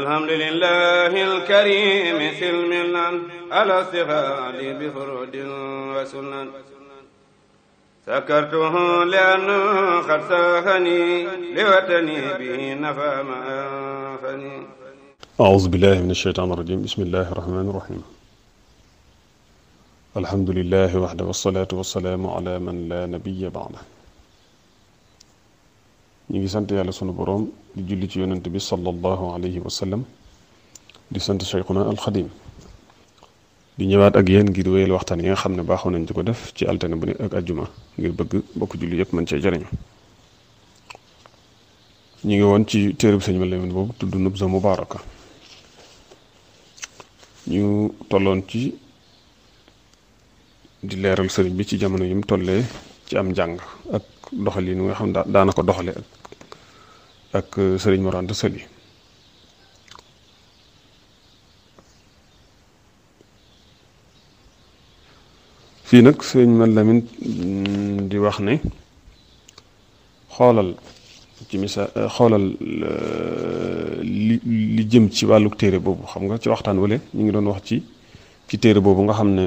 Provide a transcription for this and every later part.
الحمد لله الكريم سلم على استغاد بفرود وسنن سكرته لأنه قد ساخني لوطني به نفى ما أنفني أعوذ بالله من الشيطان الرجيم بسم الله الرحمن الرحيم الحمد لله وحده والصلاة والسلام على من لا نبي بعده ñu ngi sant yàlla sunu boroom di julli ci yonent bi sallallahu alayhi wa sallam di sant Cheikhuna alxadim di ñëwaat ak yenn ngir wéyal waxtaan yi nga xam ne baaxoon nañ di ko def ci altine bu ne ak ajjuma ngir bëgg mbokk julli yëpp mën cee jariñu ñu ngi woon ci téereb sëñ ma Lamin boobu tudd Nubza Mubaraka ñu tolloon ci di leeral sëriñ bi ci jamono yi mu tollee ci am njàng ak doxalin nga xam daana ko doxale ak sëriñ Mor Anta fii nag sëriñ ma Lamin mm, di wax ne xoolal ci misaal euh, xoolal euh, li li jëm ci wàllu téere boobu xam nga ci waxtaan wale ñu ngi doon wax ci ci téere boobu nga xam ne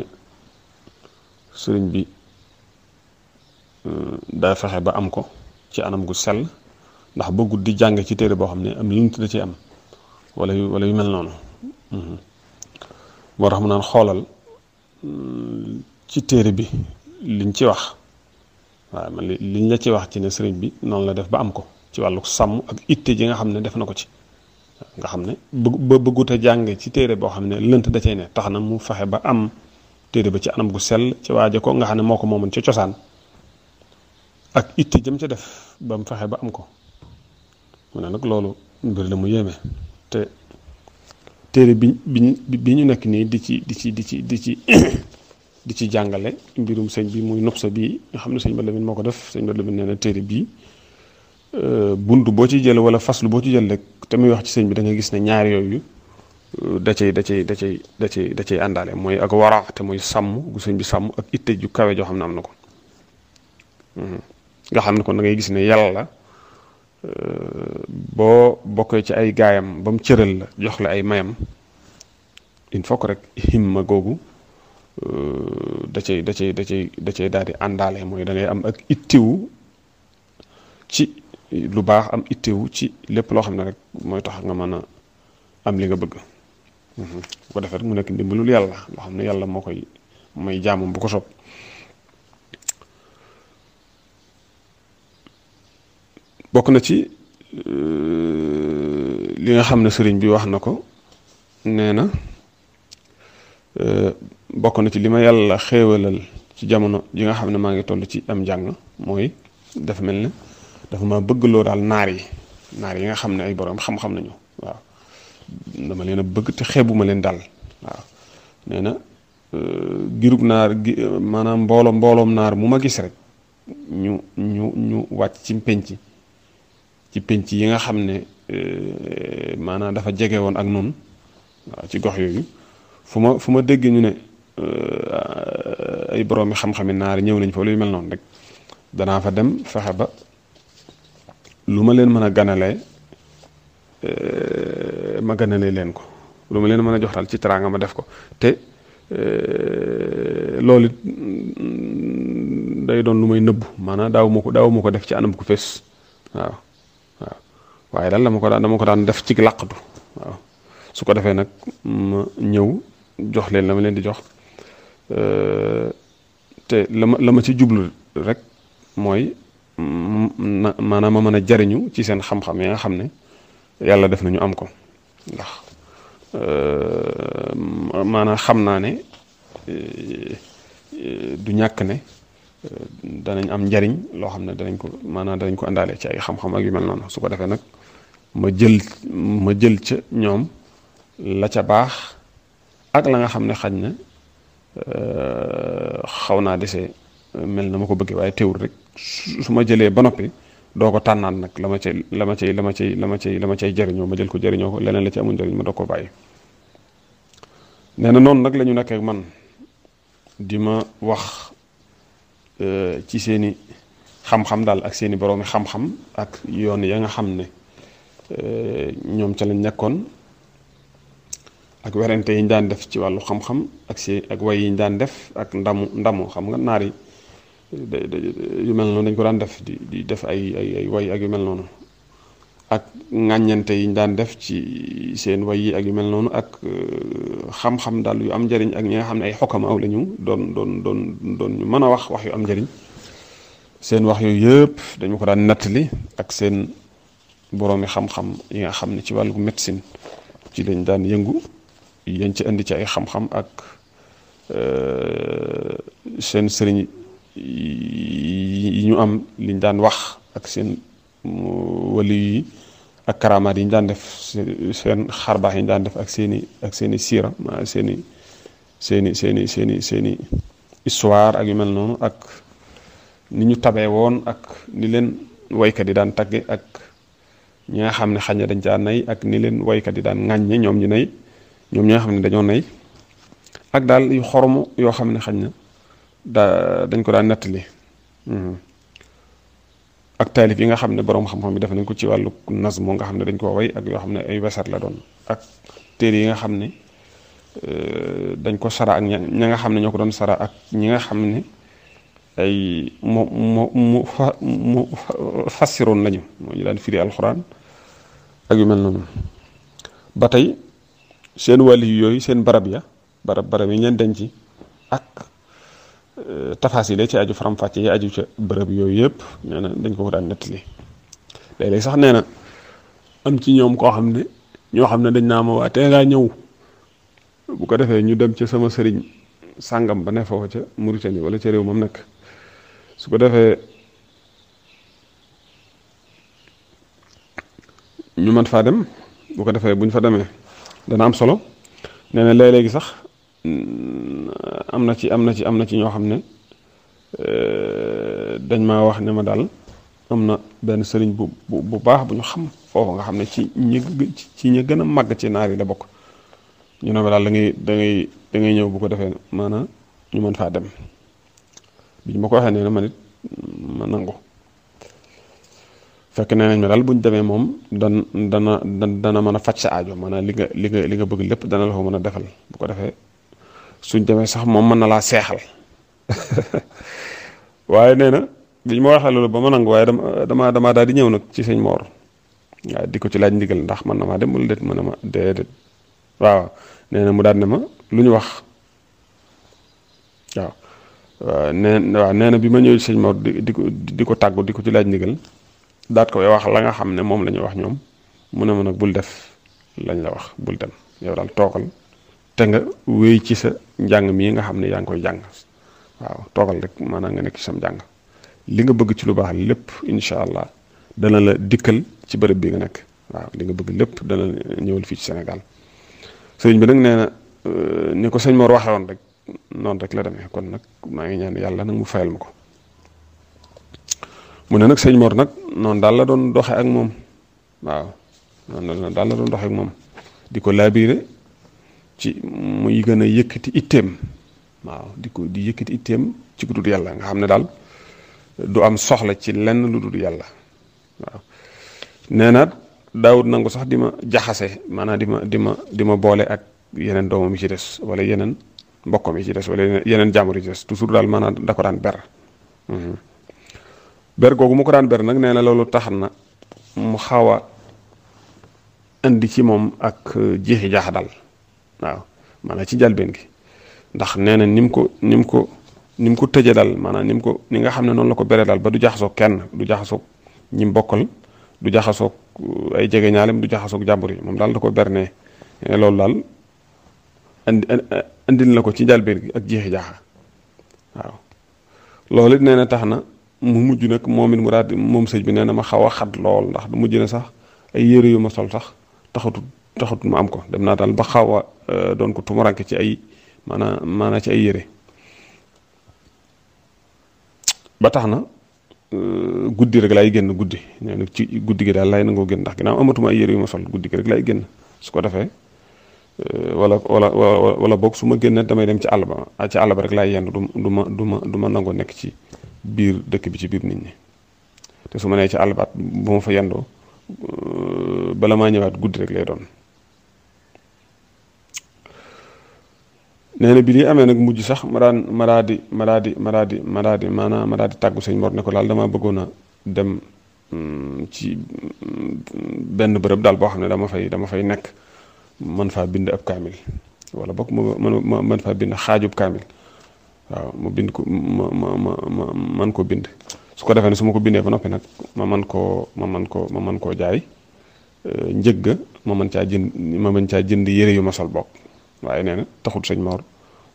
sëriñ bi Euh, daa fexe ba am ko ci anam gu sell ndax bëggut di jàng ci téere boo xam ne am lunt da ci am wala yu wala yu mel noonu mhm. moo tax mu naan xoolal euh, ci téere bi liñ ci wax waaw man li la ci wax ci ne sëriñ bi noonu la def ba am ko ci wàllu sàmm ak itte ji nga xam ne def na ko ci nga xam ne ba bëggut a jàng ci téere boo xam ne lënt da cay ne tax na mu faxe ba am téere bi ci anam gu sell ci waaja ko nga xam ne moo ko moomoon ca cosaan ak itti jëm ca def ba mu fexe ba am ko mu ne nag loolu mbir la mu yéeme te téere bi bi bi ñu nekk nii di ci di ci di ci di ci di ci jàngale mbirum sëñ bi muy nopp sa bii nga xam ne sëñ Bada Lamine moo ko def sëñ Bada Lamine nee na téere bii euh, bunt boo ci jël wala faslu boo ci jël te muy wax ci sëñ bi da nga gis ne ñaar yooyu euh, da cay da cay da cay da cay da cay àndaale mooy ak wara te muy sàmm gu sëñ bi sàmm ak itte ju kawe joo xam ne am na ko hmm. nga xam ne kon da ngay gis ne yàlla euh, boo bokkee ci ay gaayam ba mu cëral la jox la ay mayam il faut que rek ma googu euh, da cay da cay da cay da cay daal di àndaale mooy da am ak ittiwu ci lu baax am ittiwu ci lépp loo xam ne rek mooy tax nga mën a am li nga bëgg mhm. bu ko defee rek mu nekk ndimbalul yàlla loo xam ne yàlla moo koy may jaamam bu ko sopp bokk na ci euh, li nga xam ne sëriñ bi wax na ko nee na euh, bokk na ci li ma yàlla xéewalal ci jamono ji nga xam ne maa ngi tollu ci am njàng mooy dafa mel ne dafa ma bëgg loo daal naar yi naar yi nga xam ne ay boroom xam-xam nañu waaw dama leen a bëgg te xeebuma leen daal waaw nee na euh, girub naar gi maanaam mbooloom mbooloom naar mu ma gis rek ñu ñu ñu wàcc ci mpenc ci pénc yi nga xam ne euh, maanaam dafa jege woon ak noonu waaw ci gox yooyu fu ma fu ma dégg ñu ne euh, ay boroomi xam-xami naari ñëw nañ fa luy mel noonu rek danaa fa dem fexe ba lu ma leen mën a ganalee euh, ma ganalee leen ko lu ma leen mën a jox daal ci teraanga ma def ko te loolu day doon lu may nëbbu maanaa daaw ma ko daaw ma ko def ci anam ko fés waaw waaye daal dama ko daan dama ko daan def ci làqatu waaw su ko defee nag ma ñëw jox leen la leen di jox te la ma la ma ci jublu rek mooy na maanaam ma mën a jariñu ci seen xam-xam yi nga xam ne yàlla def nañu am ko ndax maanaam xam naa ne du ñàkk ne Euh, danañ am njariñ loo xam ne danañ ko maanaam danañ ko àndaale ci ay xam-xam ak yu mel noonu su ko defee nag ma jël ma jël ca ñoom la ca baax ak la nga xam ne xaj na euh, xaw naa dese mel na ma ko bëggee waaye teewul rek su ma jëlee ba noppi doo ko tànnaat nag la ma cay la ma cay la ma cay la ma cay la ma cay ma jël ko jariñoo ko leneen la ci amul njariñ ma doo koo bàyyi nee na noonu nag lañu ñu nekkee man di ma wax Euh, ci seeni xam-xam daal ak seeni boroomi xam-xam ak yoon ya nga xam ne euh, ñoom ca lañ nekkoon ak werante yi ñu daan def ci wàllu xam-xam ak seen ak way yi ñu daan def ak ndamu ndamu xam nga naar yi euh, yu mel noonu dañ ko daan def di di def ay ay ay way ak yu mel noonu ak ŋàññante yiñ daan def ci seen way yi ak yu mel noonu ak euh, xam-xam daal yu am njëriñ ak ñi nga xam ne ay xokamaaw la ñu doon doon doon doon ñu mën a wax wax yu am njariñ seen wax yooyu yëpp dañu ko daan nattali ak seen boroomi xam-xam yi nga xam ne ci wàllu médecine ci lañ daan yëngu yañ ci indi ci ay xam-xam ak euh, seen sëriñ yi ñu am liñ daan wax ak seen wali yi ak karamaat yi ñu daan def seen xarbaax yi ñu daan def ak seeni ak seeni siira seeni seeni seeni seeni seeni histoire ak yu mel noonu ak ni ñu tabee woon ak ni leen waykat yi daan tagge ak ñi nga xam ne xañ dañ caa nay ak ni leen waykat yi daan ŋàññe ñoom ñi ñoom ñi xam ne dañoo nay ak daal yu xormu yoo xam ne xañ na da dañ ko daan nettali hmm. ak taalif yi nga xam ne borom xam-xam yi def nañ ko ci wàllu nas moo nga xam ne dañ koo way ak yoo xam ne ay wesar la doon ak téere yi nga xam ne euh, dañ ko sara ak ña nga xam ne ñoo ko doon sara ak ñi nga xam ne ay mu mu mu fa mu fassiroon lañu moo ñu daan firi alxuraan ak yu mel noonu ba tey seen wàlli yooyu seen barab ya barab barab yi ngeen denc ak Euh, tafaasile ci aju faram-fàcce yi aju ca bërëb yooyu yëpp nee na dañ ko ko daan nettali léeg-léeg sax nee na am ci ñoom koo xam ne ñoo xam ne dañ naa am waa tee ngaa ñëw bu ko defee ñu dem ca sama sëriñ sàngam ba ne foofa ca murute Mauritanie wala ca réew moom nekk su ko defee ñu mën faa dem bu ko defee bu ñu fa demee dana am solo nee na léegi sax. Mm, am na ci am na ci am na ci ñoo xam ne euh, dañ ma wax ne ma daal am na benn sëriñ bu bu baax bu ñu xam foofu nga xam ne ci ñi gën a màgg ci naar yi la bokk ñu ne ma daal da ngay da ngay ñëw bu ko defee maanaam ñu mën faa dem bi ñu ma ko waxee nee na ma nit ma nangu fekk nee nañ ma daal bu ñu demee moom dan dana dana mën a faj sa aajo maanaam li nga li nga li nga bëgg lépp dana la ko mën a defal bu ko defee suñ demee sax moom mën na laa seexal waaye nee na biñ ma waxee loolu ba ma nangu waaye dama dama damaa daal di ñëw nag ci sëñ moor waaye di ko ci laaj ndigal ndax man na maa dem wala déet mën na ma déedéet waaw na mu daal ne lu ñu wax waaw neen waaw nee na bi ma ñëw ci sëñ Mor di di ko di ko tàggu di ko ci laaj ndigal daat ko wax la nga xam ne moom la ñu wax ñoom mu ne ma nag bul def lañ la wax bul dem yow daal toogal. te nga wéy ci sa njàng mii nga xam ne yaa ngi koy jàng waaw toogal rek maanaam nga nekk ci sam njàng li nga bëgg ci lu baax lépp incha allah dana la dikkal ci bërëb bi nga nekk waaw li nga bëgg lépp dana ñëwal fii ci Sénégal sëriñ bi nag nee na euh, ni ko sëñ Mor waxee woon rek noonu rek la demee kon nag maa ngi ñaan yàlla nag mu fayal ma ko mu ne nag sëñ Mor nag noonu daal la doon doxee ak moom waaw noonu daal la doon doxee ak moom di ko laabiire ci muy gën a yëkkati itteem waaw di ko di yëkkati itteem ci ku yàlla nga xam ne daal du am soxla ci lenn lu dul yàlla waaw nee na daawut nangu sax di ma jaxase maanaam di ma di ma di ma boole ak yeneen doomam yi ci des wala yeneen mbokkam yi ci des wala yeneen jàmbur yi ci des toujours daal maanaam da ko daan ber mhm. ber googu mu ko daan ber nag nee na loolu tax na mu xaw a indi ci moom ak euh, jeexi jaax daal waaw maanaam ci njalbeen gi ndax nee na ni mu ko ni mu ko ni mu ko tëjee dal maanaam ni mu ko ni nga xam ne noonu la ko beree dal ba du jaxasoo kenn du jaxasoo ñi mbokkal du jaxasoo ay jege ñaalem du jaxasook jàmbur yi moom daal da ko berne loolu daal andi andil na ko ci njalbeen gi ak jeexi jaaxa waaw loolu it nee na tax na mu mujj nag moom it mu daal moom sëñ bi nee na ma xaw a xat lool ndax du mujj na sax ay yére yu ma sol sax taxatut taxut ma am ko dem naa daal ba xawwa a euh, doon ko tumuranke ci ay maanaam maanaam ci ay yére ba tax na euh, guddi rek laay génn guddi nee ci guddi gi daal laay nangoo génn ndax ginnaaw amatuma ay yére yu ma sol guddi gi rek laay génn su ko defee euh, walla wala wala boog su ma génn damay dem ci àll ba ci àll ba rek laay yendu du ma du ma du ma nangoo nekk ci biir dëkk bi ci biir nit ñi te su ma nee ci àll ba bu ma fa yendoo bala maa ñëwaat guddi rek lay doon nee na bi lii amee nag mujj sax ma daan ma daa di ma daa di ma ma daa di tàggu sëñ Mor ne ko daal damaa bëggoon a dem mm, ci mm, benn bërëb daal boo xam ne dama fay dama fay nekk man faa bind ab kaamil wala bokk ma mën faa bind xaajub kaamil waaw ma bind ko ma man ko bind su ko defee ne su ma ko bindee ba noppi nag ma man koo ma man koo ma man koo jaay euh, njëgg ma mën caa jënd ma caa jënd yére yu ma sol bokk waaye nee na taxut sëñ Mor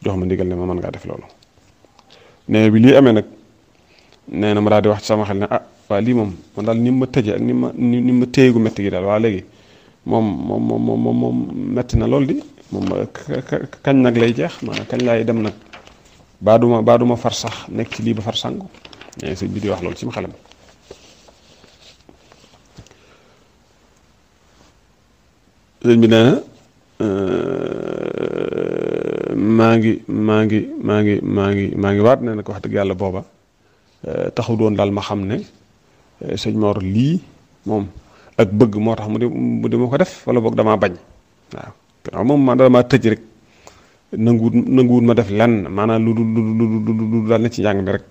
jox ma ndigal ne ma mën ngaa def loolu nee bi lii amee nag nee na ma daal di wax sama xel ne ah waa lii moom daal ni ma tëjee ak ni ma ni ma gi daal waa léegi moom moom moom moom na lool di moom kañ nag lay jeex maanaam kañ laay dem nag baa du ma baa du ma far sax nekk ci lii ba far sangu nee sëñ bi di wax loolu ci ma Euh, maa ngi maa ngi maa ngi maa ngi maa ngi waat ne nag wax dëgg yàlla booba euh, taxu doon daal ma xam ne euh, sëñ Mor lii moom ak bëgg moo tax mu di mu ko def wala boog damaa bañ waaw waaw moom man damaa tëj rek nanguwut nanguwut ma def lenn maanaam lu lu lu lu daal ne ci njàng mi rek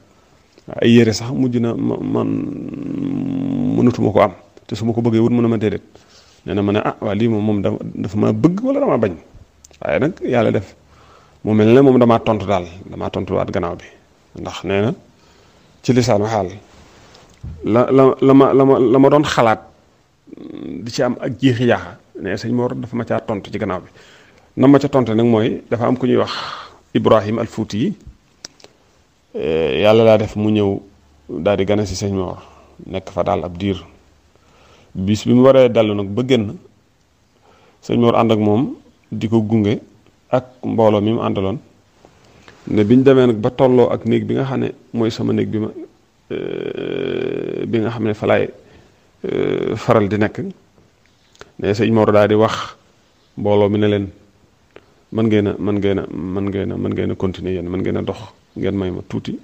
ay yére sax mujj na ma mënatuma ko am te su ma ko bëggee wut mën a ma déedéet nee na ma ne ah waa lii moom moom dafa ma bëgg wala dama bañ waaye nag yàlla def mu mel ne moom damaa tontu daal damaa tontuwaat gannaaw bi ndax nee na ci lisaanu xaal la la la ma la ma doon xalaat di ci am ak jiixi jaaxa ne sëñ Mor dafa ma caa tontu ci gannaaw bi na ma ca tontu nag mooy dafa am ku ñuy wax Ibrahim al Fuuti yi eh, yàlla daa def mu ñëw daal di gane si sëñ Mor nekk fa daal ab diir bis bi mu waree dellu nag ba génn sëñ Mor ànd ak moom di ko gunge ak mbooloo mi mu àndaloon ne bi ñu demee nag ba tolloo ak néeg bi nga xam ne mooy sama néeg bi ma euh, bi nga xam ne fa laay euh, faral di nekk ne sëñ Mor daal di wax mbooloo mi ne leen mën ngeen a mën ngeen a mën ngeen a mën ngeen a continuer yéen mën ngeen a dox ngeen may ma tuuti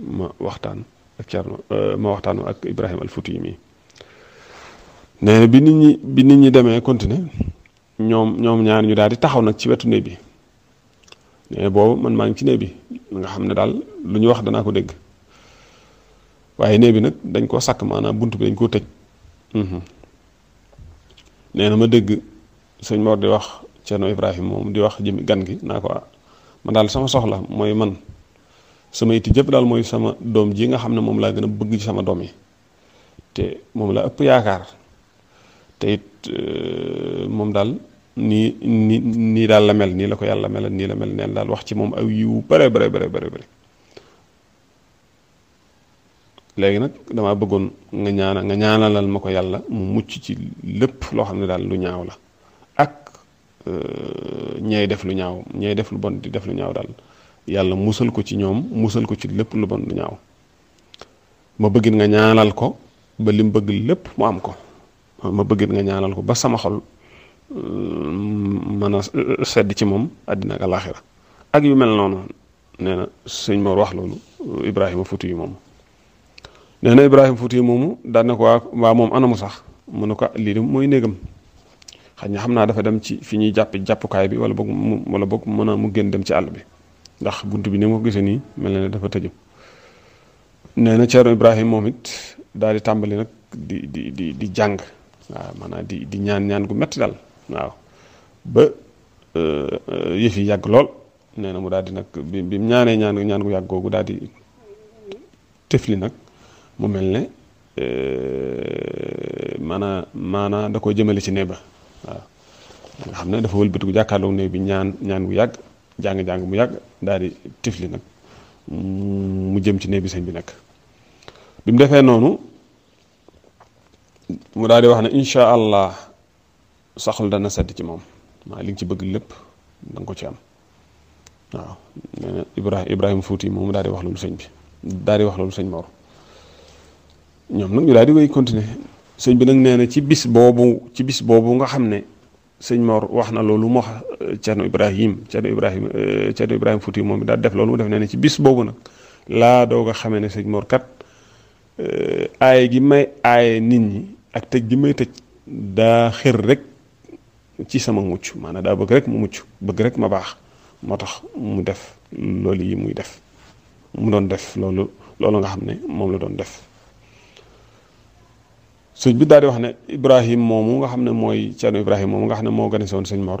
ma waxtaan ak Thierno euh, ma waxtaanu ak Ibrahima al Fouti mi. nee na bi nit ñi bi nit ñi demee continuer ñoom ñoom ñaar ñu daal di taxaw nag ci wetu néeg bi nee boobu man maa ngi ci néeg bi nga xam ne daal lu ñu wax danaa ko dégg waaye néeg bi nag dañ koo sakk maanaam bunt bi dañ koo tëj mhm. nee na ma dégg sëñ Mor di wax Cerno ibrahim moom di wax jëmi gan gi naa ko ah, ma daal sama soxla mooy man sama itti jëpp daal mooy sama doom jii nga xam ne moom laa gën a bëgg ci sama doom yi te moom laa ëpp yaakaar te euh, moom daal nii nii nii daal la mel nii la ko yàlla mel nii la mel neen daal wax ci moom aw yiw bare bare bare bare bare léegi nag damaa bëggoon nga ñaanal nga ñaanalal ma ko yàlla mu mucc ci lépp loo xam ne daal lu ñaaw la ak euh, ñey def lu ñaaw ñey def lu bon di def lu ñaaw daal yàlla musal ko ci ñoom musal ko ci lépp lu bon lu ñaaw ma bëggin nga ñaanal ko ba lim bëgg lépp mu am ko ma bëggit nga ñaanal ko ba sama xol mën a sedd ci moom àddina ak alaaxira ak yu mel noonu nee na sëñ Mor wax loolu Ibrahima Fuuti yi moomu nee ibrahim Ibrahima Fuuti moomu daan ko waa waa moom anamu sax mu ne ko lii de mooy néegam xaj na xam naa dafa dem ci fi ñuy jàpp jàppukaay bi wala boog mu wala boog mën a mu génn dem ci àll bi ndax bunt bi ni ma ko gisee nii mel na ne dafa tëjëm nee na Ceerno Ibrahima moom it daal di tàmbali nag di di di di jàng waaw maanaam di di ñaan ñaan gu metti daal waaw ba euh, euh, yëf yàgg lool nee na mu daal di nag bi bi ñaanee ñaan ñaan gu yàgg googu daal di tefli nag mu mel ne euh, maanaa maanaa da koo jëmale ci ne ba waaw nga xam ne dafa wëlbatiku jàkkaarloog néew bi ñaan ñaan gu yàgg jàng-jàng mu yàgg daal di tifli nag mu jëm ci néew bi sëñ bi nag bi mu defee noonu mu daal di wax ne incha allah saxul dana sedd ci moom maa li nga ci bëgg lépp da ko ci am waaw nee na fuuti Ibrahima Fouti moom daal di wax loolu sëñ bi daal di wax loolu sëñ Mor ñoom nag ñu daal di koy continuer sëñ bi nag nee na ci bis boobu ci bis boobu nga xam ne sëñ Mor wax na loolu mu wax Cerno eh, Ibrahim Cerno Ibrahim Cerno eh, Ibrahima fuuti moom daal def loolu mu def nee na ci bis boobu nag laa doog a xamee ne sëñ Mor kat. Euh, aaye gi may aaye nit ñi ak tëj gi may tëj daa xër rek ci sama mucc maanaam daa bëgg rek mu mucc bëgg rek ma baax moo tax mu def loolu yi muy def mu doon def loolu loolu nga xam ne moom la doon def sëñ bi daal wax ne Ibrahim moomu nga xam ne mooy Ceerno Ibrahim moomu nga xam ne moo gane woon sëñ Mor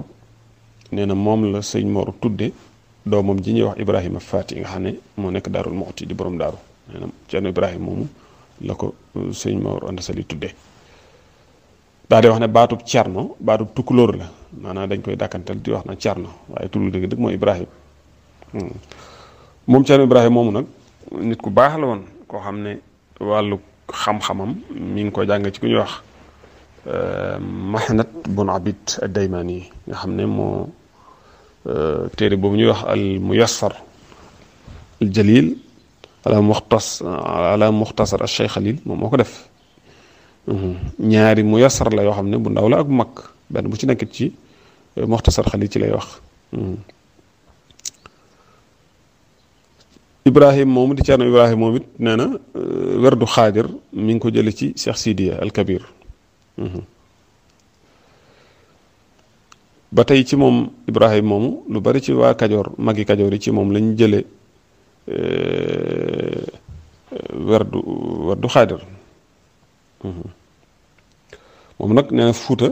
nee na moom la sëñ Mor tudde doomam ji ñuy wax Ibrahima yi nga xam ne moo nekk Daarul Muxti di borom daaru nee na Ceerno Ibrahim moomu la ko euh, sëñ Mor Anta Sali tudde daal di wax ne baatub Cerno baatub tukkulóor la maanaam dañ koy dàkkantal di wax na Cerno waaye tur bi dëgg dëgg mooy Ibrahim hmm. moom Cerno Ibrahim moomu nag nit ku baax la woon koo xam ne wàllu xam-xamam mi ngi ko jàng ci ku ñuy wax euh, Mahnat bun Abid ad-Daymani yi nga xam ne moo euh, téere boobu ñuy wax al muyassar al jalil ala muxtas ala muxtasar Cheikh Khalil moom moo ko def mhm. ñaari mu la yoo xam ne bu ndaw la ak mag benn bu ci nekkit ci eh, muxtasar Khalil ci lay wax mhm. Ibrahim moomu di Ceerno Ibrahim moom it nee na eh, werdu xaadir mi ngi ko jële ci Cheikh Sidiya al Kabir mhm. ba tey ci moom Ibrahim moomu lu bari ci waa Kajoor magi Kajoor yi ci moom lañ jële E, werdu werdu xaadir mhm. moom nag nee Fuuta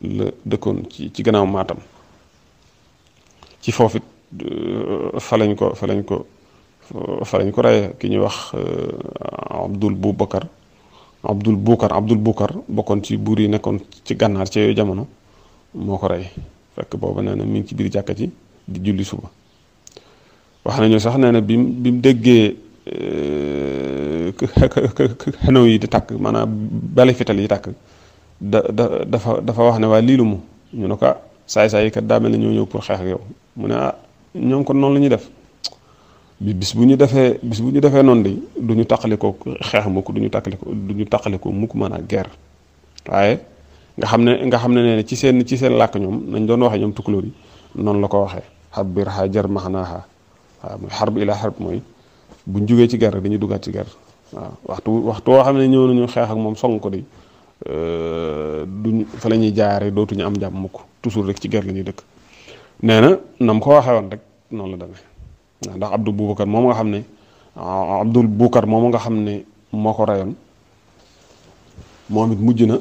la dëkkoon ci ci gannaaw Maatam ci foofit e, fa lañ ko fa lañ ko fa ko reye ki ñuy wax e, Abdul Boubacar Abdul Boucar Abdul Boucar bokkoon ci buur yi nekkoon ci gànnaar ci yooyu jamono moo ko rey fekk booba nee na mi ngi ci biir jàkka ji di julli suba wax nañu sax nee na bi mu bi mu déggee eh, xanaw yi di takk maanaam bale fital yi takk da dafa dafa wax ne waa lii lu mu ñu ne ko ah, saay-saay yi kat daa mel ne ñëw pour xeex yow mu ne ah ñoom kon noonu la ñuy def bi bis bu ñu defee bis bu ñu defee noonu di du ñu taqalikoo xeex mukk du ñu taqalikoo du ñu taqalikoo mukk maanaam guerre waaye nga xam ne nga xam ne nee ci seen ci seen làkk ñoom nañ doon waxee ñoom tukulóor yi noonu la ko waxee xab biir xaa jar maxanaaxaa waaw mooy xarb ila xarb mooy buñ jógee ci guerre dañuy dugaat ci guerre waaw waxtu waxtu woo xam ne ñëw nañu xeex ak moom song ko di euh, duñ fa la ñuy jaare dootuñu am jàmm mukk toujours rek ci guerre la ñuy dëkk nee na nam ko waxee woon rek noonu la demee ndax Abdul Boubacar moom nga xam ne ah, Abdul Boubacar moom nga xam ne moo ko reyoon moom it mujj na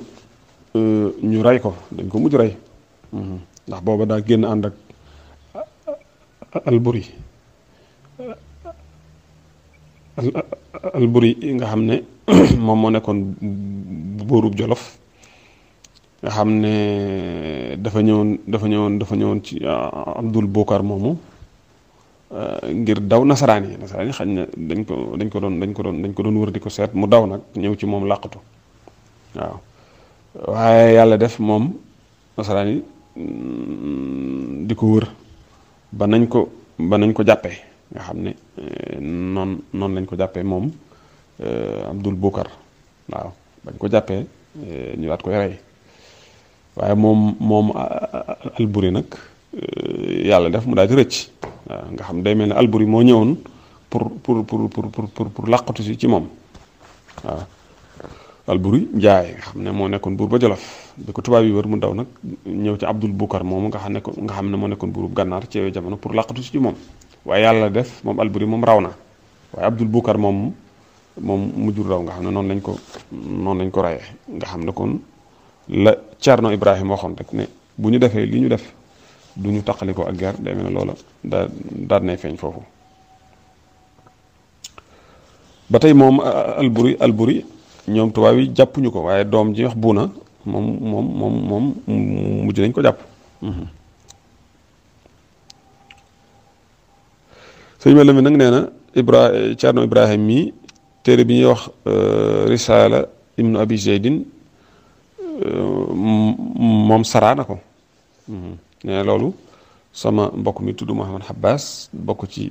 euh, ñu rey ko dañ ko mujj rey mhm. ndax booba daa génn ànd ak ah, alburi al buri nga xam ne moom moo nekkoon buurub jolof nga xam ne dafa ñëwoon dafa ñëwoon dafa ñëwoon ci Abdul Bokar moomu ngir daw nasaraan yi nasaraan yi xañ na dañ ko dañ ko doon dañ ko doon dañ ko doon wër di ko seet mu daw nag ñëw ci moom làqatu waaw waaye yàlla def moom nasaraan yi mm, di ko wër ba nañ ko ba nañ ko jàppe nga xam ne euh, noon noonu lañ ko jàppee moom euh, Abdul Bukar waaw bañ ko jàppee euh, ñu daat koy rey waaye moom moom Alburi nag yàlla def mu daal di rëcc nga xam day mel ne Alburi moo ñëwoon pour pour pour pour pour pour làqatu si ci moom waaw Alburi Njaay nga xam ne moo nekkoon buur ba Jolof bi ko tubaab yi wër mu daw nag ñëw ci Abdul Bukar moomu nga xam ne nga xam ne moo nekkoon buurub gànnaar ci jamono pour làqatu si ci moom waaye yàlla def moom Alburi moom raw na waaye Abdul Bukar moom moom mujjul raw nga xam ne noon lañ ko noonu lañ ko rayee nga xam ne kon la Cerno Ibrahima waxoon rek ne bu ñu defee li ñu def du ñu taqalikoo ak guerre day mel ne loola nay feeñ foofu ba tey moom Alburi Alburi ñoom tubaab yi jàppuñu ko waaye doom ji wax buuna moom moom moom mujj nañ ko jàpp mm-hmm. sëñ ma Lamin nag nee na Ibra Thierno Ibrahim mii téere bi ñuy wax euh, Risaala Ibnu Abi Zeydin euh, moom saraa ko mhm. nee loolu sama mbokk mi tudd Mouhamad Habbas bokk ci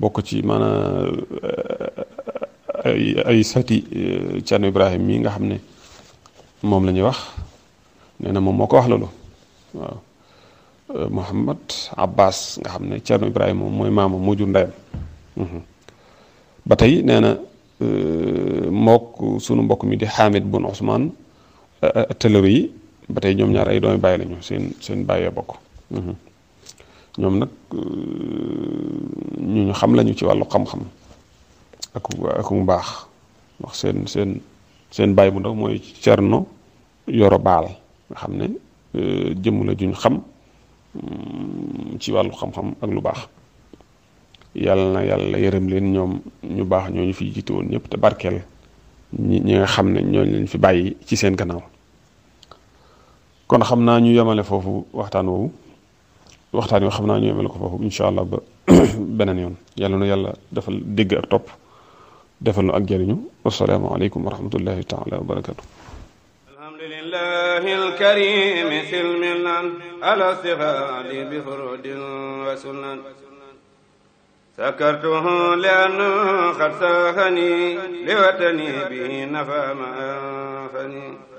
bokk ci maanaam euh, ay ay sati Thierno Ibrahim mii nga xam ne moom la ñuy wax nee na moom moo ko wax loolu waaw Mouhamad Abbas nga xam ne Thierno Ibrahima moom mooy maama moo jur ndeyam mhm. ba tey nee na euh, mook sunu mbokk mi di Hamid bun Ousmane euh, euh, Tëlëwi yi ba tey ñoom ñaar ay doomi bàyyi lañu seen seen bàyyee bokk mhm. ñoom nag ñu xam lañu ci wàllu xam-xam ak ak seen seen bàyyi bu ndaw mooy Cerno Yoro Baal nga xam ne jëmm la juñ xam ci wàllu xam-xam ak lu baax yàlla na yàlla yërëm leen ñoom ñu baax ñoo ñu fi jiite woon ñëpp te barkeel ñi ñi xam ne ñooñu lañ fi bàyyi ci seen gannaaw kon xam naa ñu yemale foofu waxtaan woowu waxtaan wi xam naa ñu yemale ko foofu incha allah ba beneen yoon yàlla na yàlla defal dégg ak topp defal nu ak jariñu wassalaamu aleykum wa rahmatullahi taala wa barakatu لله الكريم سلم لنا على استغال بفرود وسنن سكرته لأنه قد ساخني لوطني به نفى ما أنفني